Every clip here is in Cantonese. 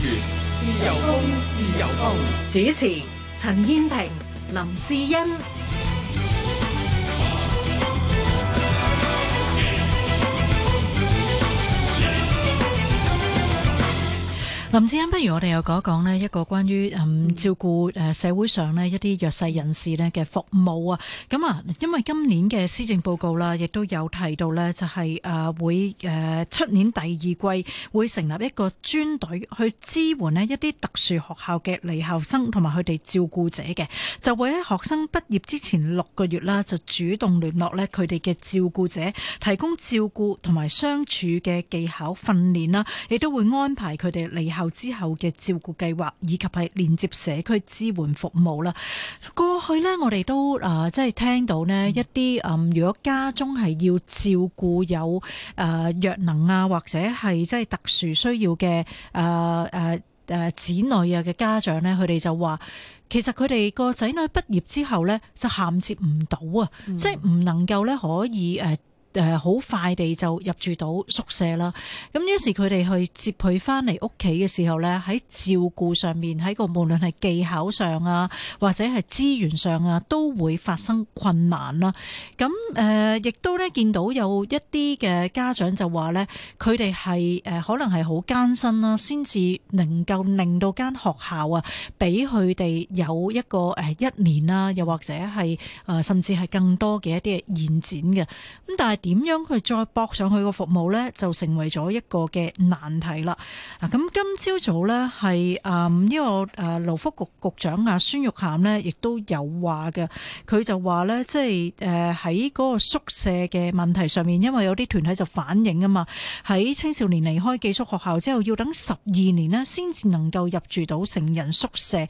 自由風，自由風。主持：陳燕萍、林志恩林志欣。林志欣，不如我哋又講一講咧一個關於嗯，照顧誒社會上咧一啲弱勢人士咧嘅服務啊。咁、嗯、啊，因為今年嘅施政報告啦，亦都有提到咧、就是，就係誒會誒出年第二季會成立一個專隊去支援咧一啲特殊學校嘅離校生同埋佢哋照顧者嘅，就會喺學生畢業之前六個月啦，就主動聯絡咧佢哋嘅照顧者，提供照顧同埋相處嘅技巧訓練啦，亦都會安排佢哋離校。之後嘅照顧計劃以及係連接社區支援服務啦。過去呢，我哋都啊即係聽到呢一啲啊，嗯、如果家中係要照顧有誒弱能啊，或者係即係特殊需要嘅誒誒誒子女啊嘅家長呢，佢哋就話，其實佢哋個仔女畢業之後呢，就銜接唔到啊，即係唔能夠呢可以誒。誒，好、呃、快地就入住到宿舍啦，咁於是佢哋去接佢返嚟屋企嘅時候咧，喺照顧上面，喺個無論係技巧上啊，或者係資源上啊，都會發生困難啦。咁誒亦都咧見到有一啲嘅家長就話咧，佢哋係誒可能係好艱辛啦，先至能夠令到間學校啊，俾佢哋有一個誒一年啦、啊，又或者係誒、呃、甚至係更多嘅一啲嘅延展嘅。咁但係。點樣佢再駁上去個服務咧，就成為咗一個嘅難題啦。啊，咁今朝早咧係誒呢個誒勞福局局長啊，孫玉菡咧，亦都有話嘅。佢就話咧，即係誒喺嗰個宿舍嘅問題上面，因為有啲團體就反映啊嘛，喺青少年離開寄宿學校之後，要等十二年咧先至能夠入住到成人宿舍。咁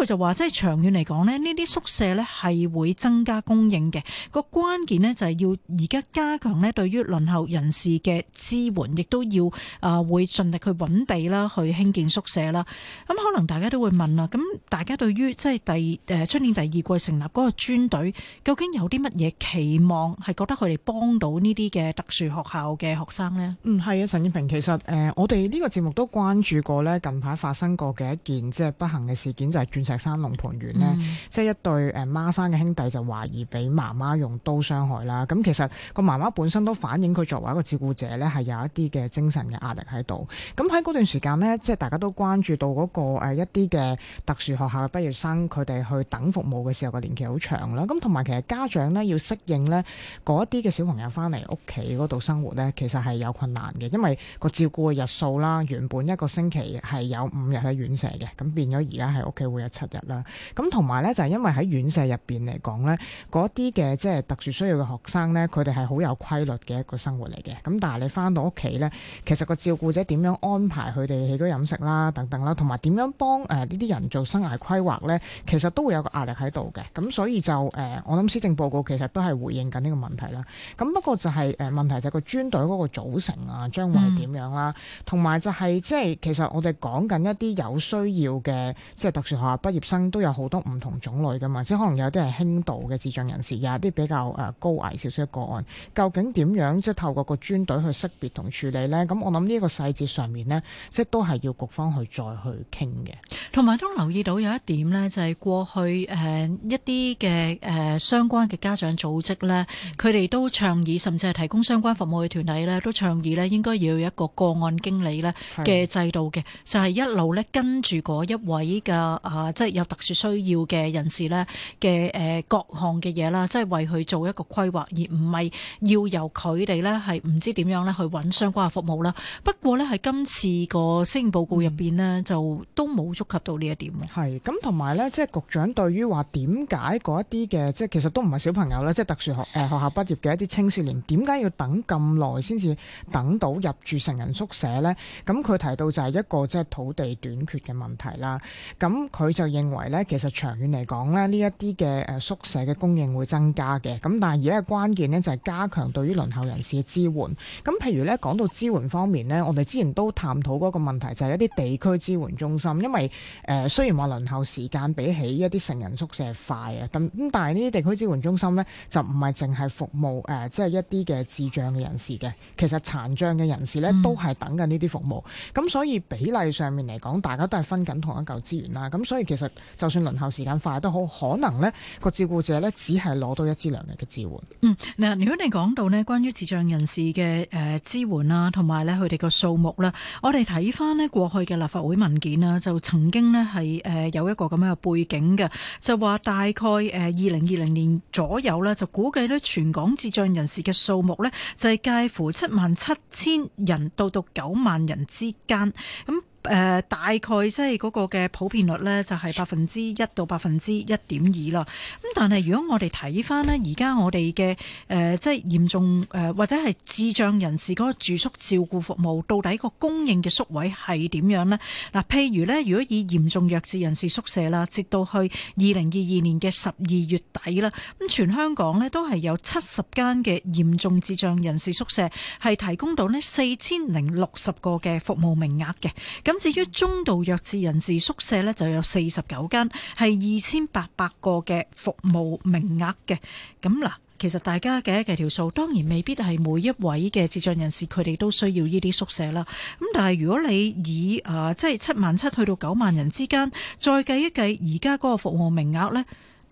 佢就話，即係長遠嚟講咧，呢啲宿舍咧係會增加供應嘅。個關鍵咧就係要而家加。加強咧對於輪候人士嘅支援，亦都要啊、呃、會盡力去揾地啦，去興建宿舍啦。咁、嗯、可能大家都會問啦，咁大家對於即係第誒出年第二季成立嗰個專隊，究竟有啲乜嘢期望？係覺得佢哋幫到呢啲嘅特殊學校嘅學生呢？嗯，係啊，陳燕平。其實誒、呃、我哋呢個節目都關注過呢近排發生過嘅一件即係不幸嘅事件，就係、是、鑽石山龍盤苑呢，嗯、即係一對誒孖生嘅兄弟就懷疑俾媽媽用刀傷害啦。咁其實個媽媽。媽媽本身都反映佢作為一個照顧者咧，係有一啲嘅精神嘅壓力喺度。咁喺嗰段時間呢，即係大家都關注到嗰個誒一啲嘅特殊學校嘅畢業生，佢哋去等服務嘅時候嘅年期好長啦。咁同埋其實家長呢，要適應呢嗰一啲嘅小朋友翻嚟屋企嗰度生活呢，其實係有困難嘅，因為個照顧嘅日數啦，原本一個星期係有五日喺院舍嘅，咁變咗而家係屋企會有七日啦。咁同埋呢，就係因為喺院舍入邊嚟講呢，嗰啲嘅即係特殊需要嘅學生呢，佢哋係好有規律嘅一個生活嚟嘅，咁但係你翻到屋企呢，其實個照顧者點樣安排佢哋起居飲食啦，等等啦，同埋點樣幫誒呢啲人做生涯規劃呢？其實都會有個壓力喺度嘅，咁所以就誒、呃，我諗施政報告其實都係回應緊呢個問題啦。咁不過就係、是、誒、呃、問題就係個專隊嗰個組成啊，將會係點樣啦、啊？同埋、嗯、就係、是、即係其實我哋講緊一啲有需要嘅，即係特殊學校畢業生都有好多唔同種類噶嘛，即係可能有啲係輕度嘅智障人士，有一啲比較誒高危少少嘅個案。究竟點樣即係透過個專隊去識別同處理咧？咁我諗呢個細節上面咧，即係都係要局方去再去傾嘅。同埋都留意到有一點咧，就係過去誒一啲嘅誒相關嘅家長組織咧，佢哋都倡議甚至係提供相關服務嘅團體咧，都倡議咧應該要有一個個案經理咧嘅制度嘅，的就係一路咧跟住嗰一位嘅啊、呃，即係有特殊需要嘅人士咧嘅誒各項嘅嘢啦，即係為佢做一個規劃，而唔係要由佢哋咧係唔知點樣咧去揾相關嘅服務啦。不過咧係今次個施政報告入邊咧就都冇觸及到呢一點。係咁，同埋咧，即係局長對於話點解嗰一啲嘅即係其實都唔係小朋友啦，即係特殊學誒學校畢業嘅一啲青少年，點解要等咁耐先至等到入住成人宿舍咧？咁佢提到就係一個即係土地短缺嘅問題啦。咁佢就認為咧，其實長遠嚟講咧，呢一啲嘅誒宿舍嘅供應會增加嘅。咁但係而家關鍵咧就係加強對於輪候人士嘅支援，咁譬如咧講到支援方面呢，我哋之前都探討過一個問題，就係一啲地區支援中心，因為誒雖然話輪候時間比起一啲成人宿舍快啊，咁但係呢啲地區支援中心呢，就唔係淨係服務誒，即係一啲嘅智障嘅人士嘅，其實殘障嘅人士呢，都係等緊呢啲服務，咁、嗯、所以比例上面嚟講，大家都係分緊同一嚿資源啦，咁所以其實就算輪候時間快都好，可能呢個照顧者呢，只係攞到一支兩日嘅支援。嗯，嗱，如果你講。講到咧關於智障人士嘅誒支援啦，同埋咧佢哋個數目啦，我哋睇翻咧過去嘅立法會文件啦，就曾經咧係誒有一個咁樣嘅背景嘅，就話大概誒二零二零年左右呢，就估計咧全港智障人士嘅數目呢，就係介乎七萬七千人到到九萬人之間咁。誒、呃、大概即係嗰個嘅普遍率呢，就係百分之一到百分之一點二啦。咁但係如果我哋睇翻呢，而家我哋嘅誒即係嚴重誒、呃、或者係智障人士嗰個住宿照顧服務，到底嗰個供應嘅宿位係點樣呢？嗱、呃，譬如呢，如果以嚴重弱智人士宿舍啦，直到去二零二二年嘅十二月底啦，咁全香港呢，都係有七十間嘅嚴重智障人士宿舍係提供到呢四千零六十個嘅服務名額嘅，咁。至於中度弱智人士宿舍呢，就有四十九間，係二千八百個嘅服務名額嘅。咁嗱，其實大家計一計條數，當然未必係每一位嘅智障人士，佢哋都需要呢啲宿舍啦。咁但係如果你以誒、啊，即係七萬七去到九萬人之間，再計一計而家嗰個服務名額呢。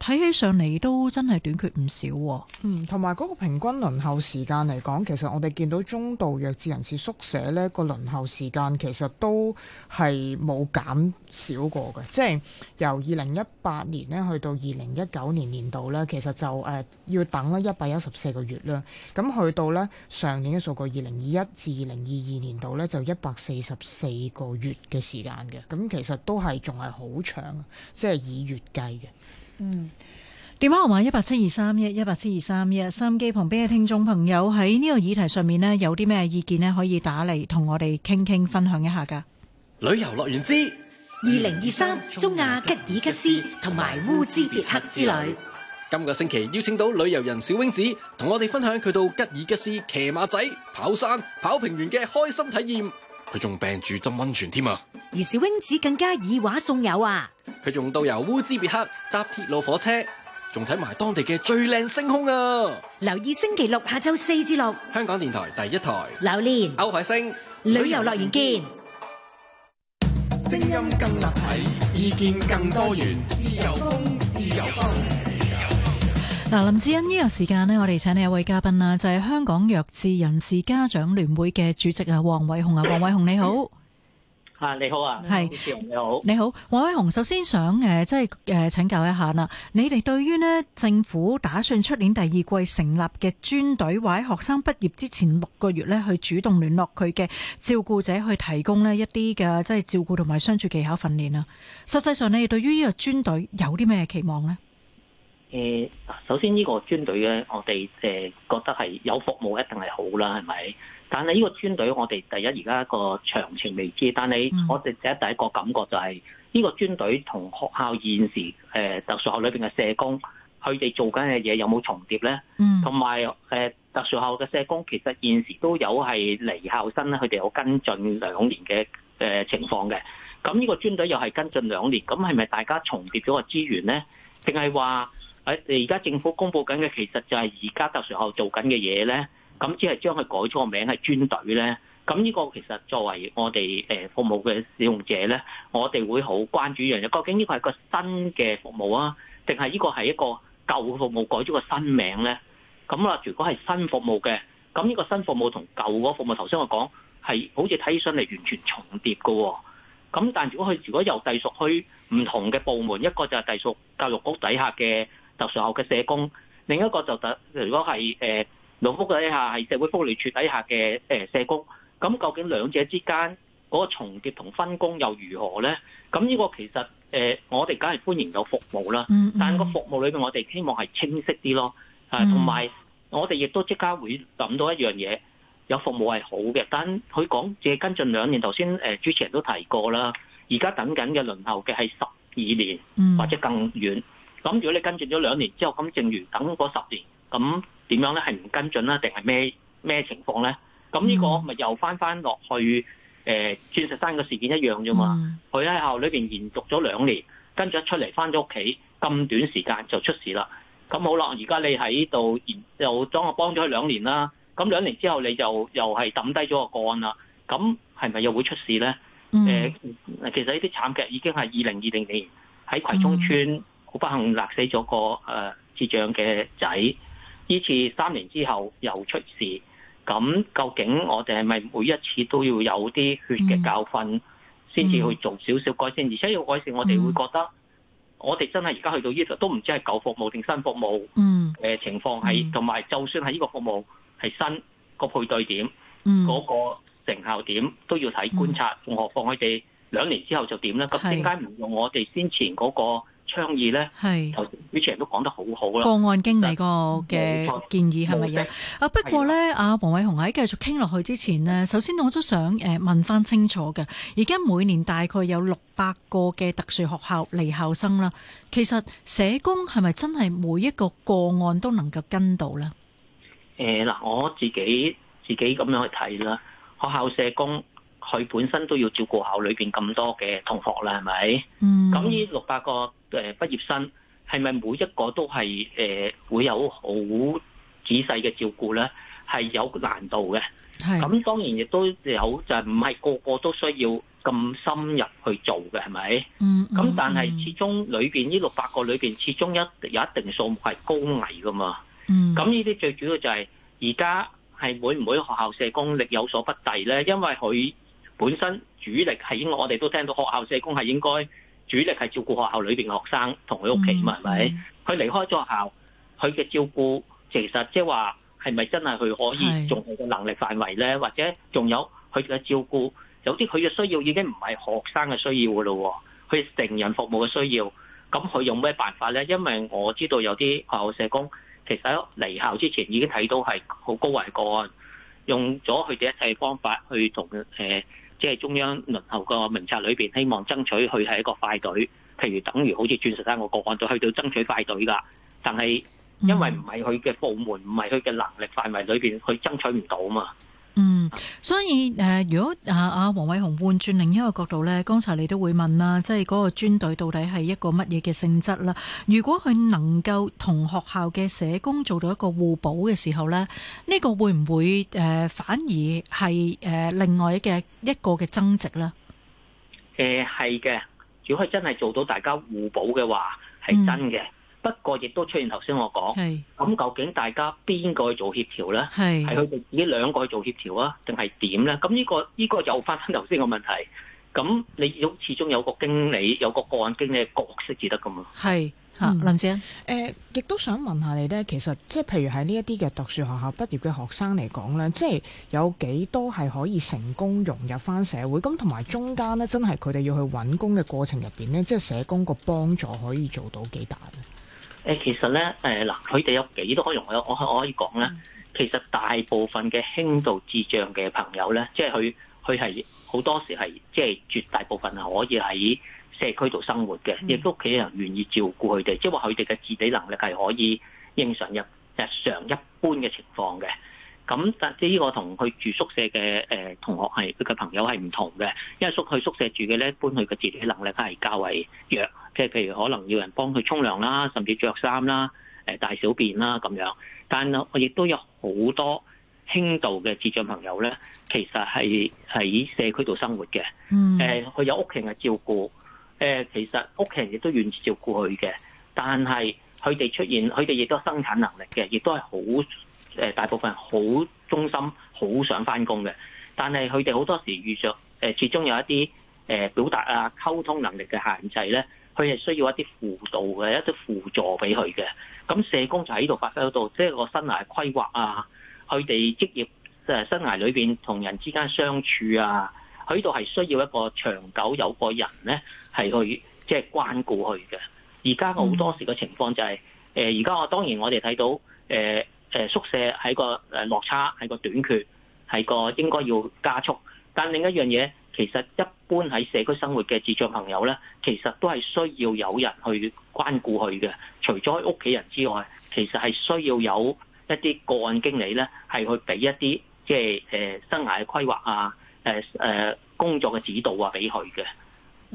睇起上嚟都真係短缺唔少喎。嗯，同埋嗰個平均輪候時間嚟講，其實我哋見到中度弱智人士宿舍咧個輪候時間其實都係冇減少過嘅。即係由二零一八年咧去到二零一九年年度咧，其實就誒要等啦一百一十四個月啦。咁去到咧上年嘅數據二零二一至二零二二年度咧就一百四十四個月嘅時間嘅。咁其實都係仲係好長，即係以月計嘅。嗯，電話號碼一八七二三一一八七二三一，收音機旁邊嘅聽眾朋友喺呢個議題上面咧，有啲咩意見咧，可以打嚟同我哋傾傾，分享一下㗎。旅遊樂園之二零二三中亞吉爾吉斯同埋烏茲別克之旅，今個星期邀請到旅遊人小英子同我哋分享佢到吉爾吉斯騎馬仔、跑山、跑平原嘅開心體驗。佢仲病住浸溫泉添啊！而小英子更加以畫送友啊！佢仲導遊烏茲別克搭鐵路火車，仲睇埋當地嘅最靚星空啊！留意星期六下晝四至六，香港電台第一台，劉念歐海星旅遊樂園見，聲音更立體，意見更多元，自由風，自由風，自由風。嗱，林志恩呢個時間咧，我哋請嚟一位嘉賓啦，就係香港弱智人士家長聯會嘅主席啊，黃偉雄啊，黃偉雄你好。啊，你好啊，你好，你好，你好，黃偉雄，首先想誒，即係誒，請教一下啦。你哋對於呢政府打算出年第二季成立嘅專隊，或者學生畢業之前六個月呢去主動聯絡佢嘅照顧者，去提供呢一啲嘅即係照顧同埋相處技巧訓練啦。實際上，你哋對於呢個專隊有啲咩期望呢？誒首先呢個專隊咧，我哋誒覺得係有服務一定係好啦，係咪？但係呢個專隊，我哋第一而家個詳情未知。但係我哋第一第一個感覺就係呢個專隊同學校現時誒特殊學校裏邊嘅社工，佢哋做緊嘅嘢有冇重疊咧？嗯，同埋誒特殊學校嘅社工其實現時都有係離校生咧，佢哋有跟進兩年嘅誒情況嘅。咁呢個專隊又係跟進兩年，咁係咪大家重疊咗個資源咧？定係話？誒而家政府公布緊嘅，其實就係而家特殊學校做緊嘅嘢咧，咁只係將佢改咗個名係專隊咧。咁呢個其實作為我哋誒服務嘅使用者咧，我哋會好關注一樣嘢，究竟呢個係個新嘅服務啊，定係呢個係一個舊嘅服務改咗個新名咧？咁啦，如果係新服務嘅，咁呢個新服務同舊嗰個服務，頭先我講係好似睇起上嚟完全重疊嘅喎、哦。咁但如果佢如果由隸屬去唔同嘅部門，一個就係隸屬教育局底下嘅。就特殊後嘅社工，另一個就等如果係誒老福底下係社會福利處底下嘅誒社工，咁究竟兩者之間嗰個重疊同分工又如何咧？咁呢個其實誒我哋梗係歡迎有服務啦，但個服務裏面我哋希望係清晰啲咯，啊同埋我哋亦都即刻會諗到一樣嘢，有服務係好嘅，但佢講只係跟進兩年，頭先誒主持人都提過啦，而家等緊嘅輪候嘅係十二年或者更遠。咁如果你跟進咗兩年之後，咁正如等嗰十年，咁點樣咧？係唔跟進啦？定係咩咩情況咧？咁呢個咪又翻翻落去誒、mm. 呃、鑽石山嘅事件一樣啫嘛。佢喺校裏面延續咗兩年，跟住一出嚟翻咗屋企，咁短時間就出事啦。咁好啦，而家你喺度延又幫我幫咗佢兩年啦。咁兩年之後你又，你就又係抌低咗個案啦。咁係咪又會出事咧、mm. 呃？其實呢啲慘劇已經係二零二零年喺葵涌村。Mm. 不幸勒死咗個誒智障嘅仔，依次三年之後又出事。咁究竟我哋係咪每一次都要有啲血嘅教訓，先至、嗯、去做少少改善？而且要改善我哋會覺得，嗯、我哋真係而家去到呢度都唔知係舊服務定新服務嘅情況係，同埋、嗯、就算係呢個服務係新個配對點，嗰、嗯、個成效點都要睇觀察。仲、嗯、何況佢哋兩年之後就點咧？咁點解唔用我哋先前嗰、嗰個？倡議呢，係主持人都講得好好啦。個案經理個嘅建議係咪嘢啊？不過呢，阿黃偉雄喺繼續傾落去之前呢，首先我都想誒問翻清楚嘅。而家每年大概有六百個嘅特殊學校離校生啦。其實社工係咪真係每一個個案都能夠跟到呢？誒嗱，我自己自己咁樣去睇啦。學校社工佢本身都要照顧校裏面咁多嘅同學啦，係咪？嗯。咁呢六百個。誒畢業生係咪每一個都係誒、呃、會有好仔細嘅照顧咧？係有難度嘅。係是。咁當然亦都有就係唔係個個都需要咁深入去做嘅，係咪？嗯。咁但係始終裏邊呢六八個裏邊，始終一有一定數目係高危噶嘛。嗯。咁呢啲最主要就係而家係會唔會學校社工力有所不濟咧？因為佢本身主力係應該，我哋都聽到學校社工係應該。主力係照顧學校裏面嘅學生同佢屋企嘛係咪？佢、嗯、離開咗學校，佢嘅照顧其實即係話係咪真係佢可以仲係個能力範圍咧？是或者仲有佢嘅照顧，有啲佢嘅需要已經唔係學生嘅需要噶咯，佢成人服務嘅需要，咁佢用咩辦法咧？因為我知道有啲學校社工其實喺離校之前已經睇到係好高危個案，用咗佢哋一切方法去同誒。呃即係中央輪候個名冊裏邊，希望爭取佢係一個快隊，譬如等於好似鑽石山個個案，就去到爭取快隊㗎。但係因為唔係佢嘅部門，唔係佢嘅能力範圍裏邊，佢爭取唔到啊嘛。嗯，所以誒，如果啊啊黃偉雄換轉另一個角度咧，剛才你都會問啦，即係嗰個專隊到底係一個乜嘢嘅性質啦？如果佢能夠同學校嘅社工做到一個互補嘅時候咧，呢個會唔會誒反而係誒另外嘅一個嘅增值咧？誒係嘅，如果佢真係做到大家互補嘅話，係真嘅。不過，亦都出現頭先我講，咁是究竟大家邊個去做協調咧？係佢哋自己兩個去做協調啊，定係點咧？咁呢、這個呢、這個又發生頭先個問題。咁你始終有個經理，有個個案經理角色至得咁嘛？係嚇，嗯、林姐、呃、亦都想問下你咧。其實即係譬如喺呢一啲嘅讀書學校畢業嘅學生嚟講咧，即係有幾多係可以成功融入翻社會？咁同埋中間咧，真係佢哋要去揾工嘅過程入面咧，即係社工個幫助可以做到幾大咧？誒，其實咧，誒嗱，佢哋有幾多可以容我，我可以講咧。Mm. 其實大部分嘅輕度智障嘅朋友咧，即係佢佢係好多時係即係絕大部分係可以喺社區度生活嘅，亦都屋企人願意照顧佢哋。即係話佢哋嘅自理能力係可以應常日日常一般嘅情況嘅。咁但係呢個同佢住宿舍嘅誒、呃、同學係佢嘅朋友係唔同嘅，因為宿去宿舍住嘅咧，一般佢嘅自理能力係較為弱。即係譬如可能要人幫佢沖涼啦，甚至着衫啦、誒大小便啦咁樣。但係我亦都有好多輕度嘅智障朋友咧，其實係喺社區度生活嘅。嗯。誒、呃，佢有屋企人嘅照顧。誒、呃，其實屋企人亦都願意照顧佢嘅。但係佢哋出現，佢哋亦都生產能力嘅，亦都係好誒，大部分人好忠心、好想翻工嘅。但係佢哋好多時遇着，誒，始終有一啲誒表達啊、溝通能力嘅限制咧。佢係需要一啲輔導嘅、一啲輔助俾佢嘅，咁社工就喺度發揮到，即係個生涯規劃啊，佢哋職業生涯裏面同人之間相處啊，喺度係需要一個長久有個人咧係去即係關顧佢嘅。而家好多時嘅情況就係，誒而家我當然我哋睇到，誒誒宿舍喺個落差，係個短缺，係個應該要加速，但另一樣嘢。其實一般喺社區生活嘅智障朋友咧，其實都係需要有人去關顧佢嘅。除咗屋企人之外，其實係需要有一啲個案經理咧，係去俾一啲即係誒生涯嘅規劃啊，誒、呃、誒工作嘅指導啊，俾佢嘅。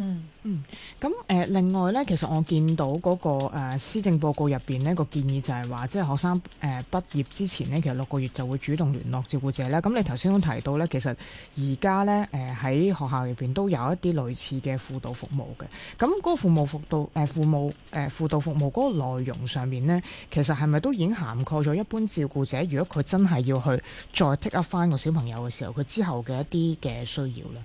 嗯嗯，咁誒、嗯呃、另外咧，其實我見到嗰、那個、呃、施政報告入邊呢個建議就係話，即係學生誒畢、呃、業之前呢，其實六個月就會主動聯絡照顧者咧。咁你頭先都提到咧，其實而家咧誒喺學校入邊都有一啲類似嘅輔導服務嘅。咁嗰個服務輔導誒服務誒、呃、輔導服務嗰個內容上面呢，其實係咪都已經涵蓋咗一般照顧者，如果佢真係要去再 take up 翻個小朋友嘅時候，佢之後嘅一啲嘅需要咧？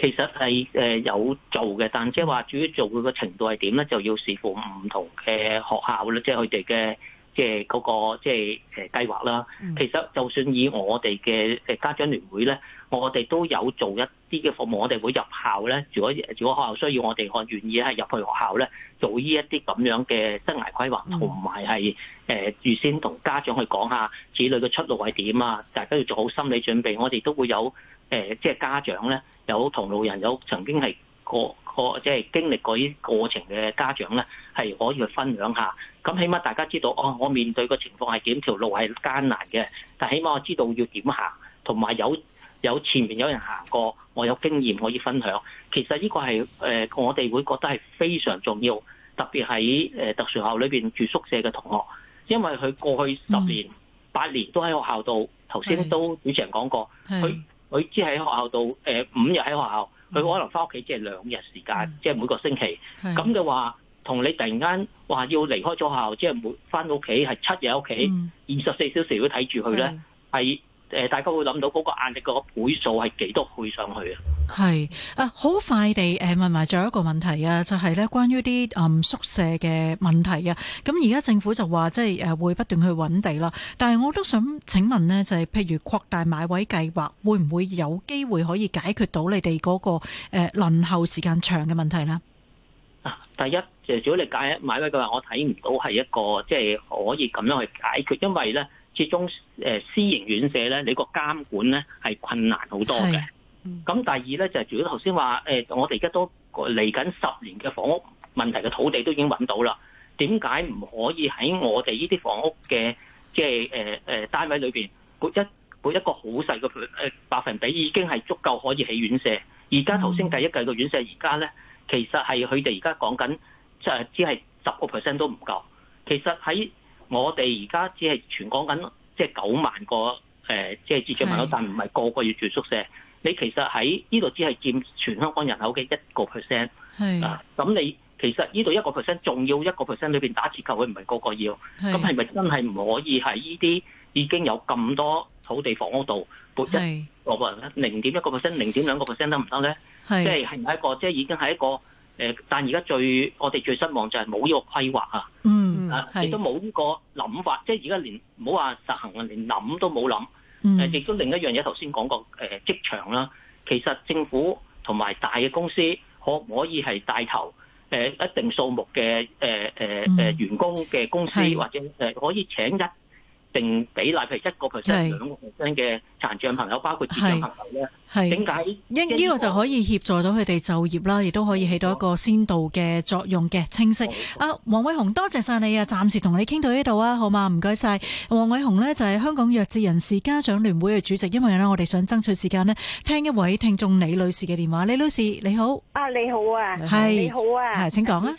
其實係有做嘅，但即係話至於做佢嘅程度係點咧，就要視乎唔同嘅學校啦，即係佢哋嘅即係嗰個即係、嗰個即係、計劃啦。其實就算以我哋嘅家長聯會咧，我哋都有做一啲嘅服務，我哋會入校咧。如果如果學校需要我哋，我哋願意係入去學校咧，做呢一啲咁樣嘅生涯規劃，同埋係誒預先同家長去講下子女嘅出路係點啊！大家要做好心理準備，我哋都會有。誒，即係家長咧，有同路人，有曾經係過過，即係經歷過呢個過程嘅家長咧，係可以去分享下。咁起碼大家知道，哦，我面對個情況係點，條路係艱難嘅，但起碼我知道要點行，同埋有有前面有人行過，我有經驗可以分享。其實呢個係誒，我哋會覺得係非常重要，特別喺誒特殊校裏面住宿舍嘅同學，因為佢過去十年、嗯、八年都喺學校度，頭先都主持人講過，是是 佢只喺學校度，誒五日喺學校，佢可能翻屋企只係兩日時間、嗯，即係每個星期。咁就是的 話，同你突然間話要離開咗學校，即係每翻到屋企係七日喺屋企，二十四小時都睇住佢咧，係。是的 誒，大家會諗到嗰個壓力個倍數係幾多倍上去啊？係啊，好快地誒，問埋最後一個問題啊，就係咧關於啲啊宿舍嘅問題啊。咁而家政府就話即係誒會不斷去揾地啦。但係我都想請問咧，就係譬如擴大買位計劃，會唔會有機會可以解決到你哋嗰個誒輪候時間長嘅問題咧？啊，第一，就係如果你解買位嘅話，我睇唔到係一個即係可以咁樣去解決，因為咧。始終誒私營院舍咧，你個監管咧係困難好多嘅。咁第二咧就係，如果頭先話誒我哋而家都嚟緊十年嘅房屋問題嘅土地都已經揾到啦，點解唔可以喺我哋呢啲房屋嘅即係誒誒單位裏面，一一個好細嘅誒百分比，已經係足夠可以起院舍？而家頭先計一計個院舍，而家咧其實係佢哋而家講緊即係只係十個 percent 都唔夠，其實喺我哋而家只係全港緊，即係九萬個誒，即係住著民口，是但唔係個個要住宿舍。你其實喺呢度只係佔全香港人口嘅一個 percent，係啊。咁你其實呢度一個 percent，仲要一個 percent 裏邊打折扣，佢唔係個個要。咁係咪真係唔可以喺呢啲已經有咁多土地房屋度撥一個 percent 零點一個 percent、零點兩個 percent 得唔得咧？即係係唔係一個，即係已經係一個。誒，但而家最我哋最失望就係冇呢個規劃啊！嗯，亦都冇呢個諗法，即係而家連唔好話實行啊，連諗都冇諗，誒、嗯，亦都另一樣嘢頭先講過，誒、呃、職場啦，其實政府同埋大嘅公司可唔可以係帶頭？誒、呃，一定數目嘅誒誒誒員工嘅公司、嗯、或者誒可以請一。定比例，譬如一個 percent、兩個 percent 嘅殘障朋友，包括智障朋友咧，係點解？因呢個就可以協助到佢哋就業啦，亦都可以起到一個先導嘅作用嘅。清晰啊，黃偉雄，多謝曬你啊！暫時同你傾到呢度啊，好嘛？唔該曬，黃偉雄咧就係香港弱智人士家長聯會嘅主席。因為咧，我哋想爭取時間咧，聽一位聽眾李女士嘅電話。李女士你好，啊你好啊，係你好啊，係請講啊。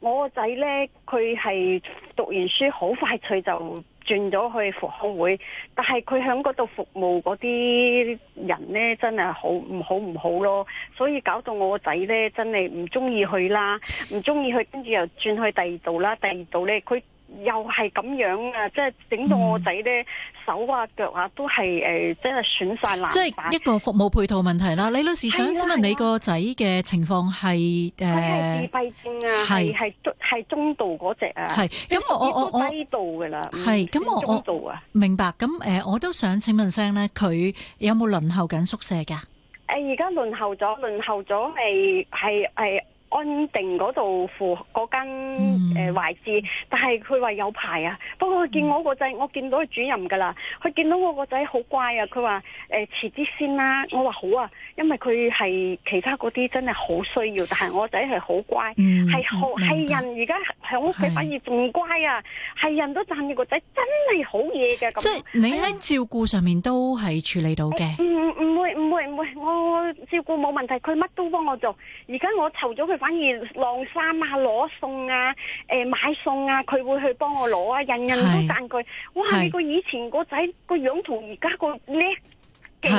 我個仔咧，佢係讀完書好快脆就。轉咗去服務會，但係佢響嗰度服務嗰啲人呢，真係好唔好唔好咯，所以搞到我個仔呢，真係唔中意去啦，唔中意去，跟住又轉去第二度啦，第二度呢，佢。又係咁樣、就是嗯、啊！即係整到我仔咧手啊腳啊都係誒、呃，真係損晒啦。即係一個服務配套問題啦。李女士想請問的的你個仔嘅情況係誒，係、呃、自閉症啊，係系的中係中度嗰隻啊。係咁我我低度嘅啦。係咁我度啊。我明白。咁誒，我都想請問聲咧，佢有冇輪候緊宿舍噶？誒、呃，而家輪候咗，輪候咗未？係、哎、係。安定嗰度附嗰間誒位置，嗯嗯、但係佢話有排啊。嗯、不過佢見我個仔，我見到主任㗎啦，佢見到我個仔好乖啊。佢話誒，遲、呃、啲先啦。我話好啊，因為佢係其他嗰啲真係好需要，但係我個仔係好乖，係好係人而家喺屋企反而仲乖啊，係是人都讚住個仔真係好嘢嘅。即係樣你喺照顧上面都係處理到嘅。唔唔、嗯嗯嗯、會唔會唔會，我照顧冇問題，佢乜都幫我做。而家我湊咗佢，反而晾衫啊、攞餸啊、呃、買餸啊，佢會去幫我攞啊，人人都讚佢。是哇！佢是以前個仔個樣同而家個叻。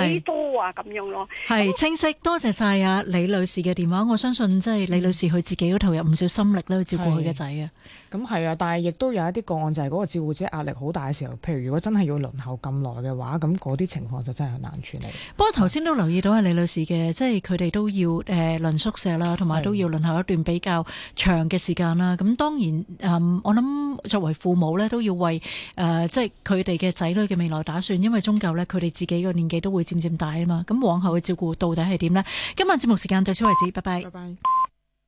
幾多啊？咁樣咯，係清晰。多謝晒啊李女士嘅電話。我相信即係李女士佢自己都投入唔少心力咧去照顧佢嘅仔啊。咁係啊，但係亦都有一啲個案就係嗰個照顧者壓力好大嘅時候，譬如如果真係要輪候咁耐嘅話，咁嗰啲情況就真係難處理。不過頭先都留意到係李女士嘅，即係佢哋都要誒、呃、輪宿舍啦，同埋都要輪候一段比較長嘅時間啦。咁是當然、嗯、我諗作為父母咧都要為、呃、即係佢哋嘅仔女嘅未來打算，因為終究咧佢哋自己嘅年紀都。會漸漸大啊嘛，咁往後嘅照顧到底係點呢？今晚節目時間到此為止，拜拜。拜拜。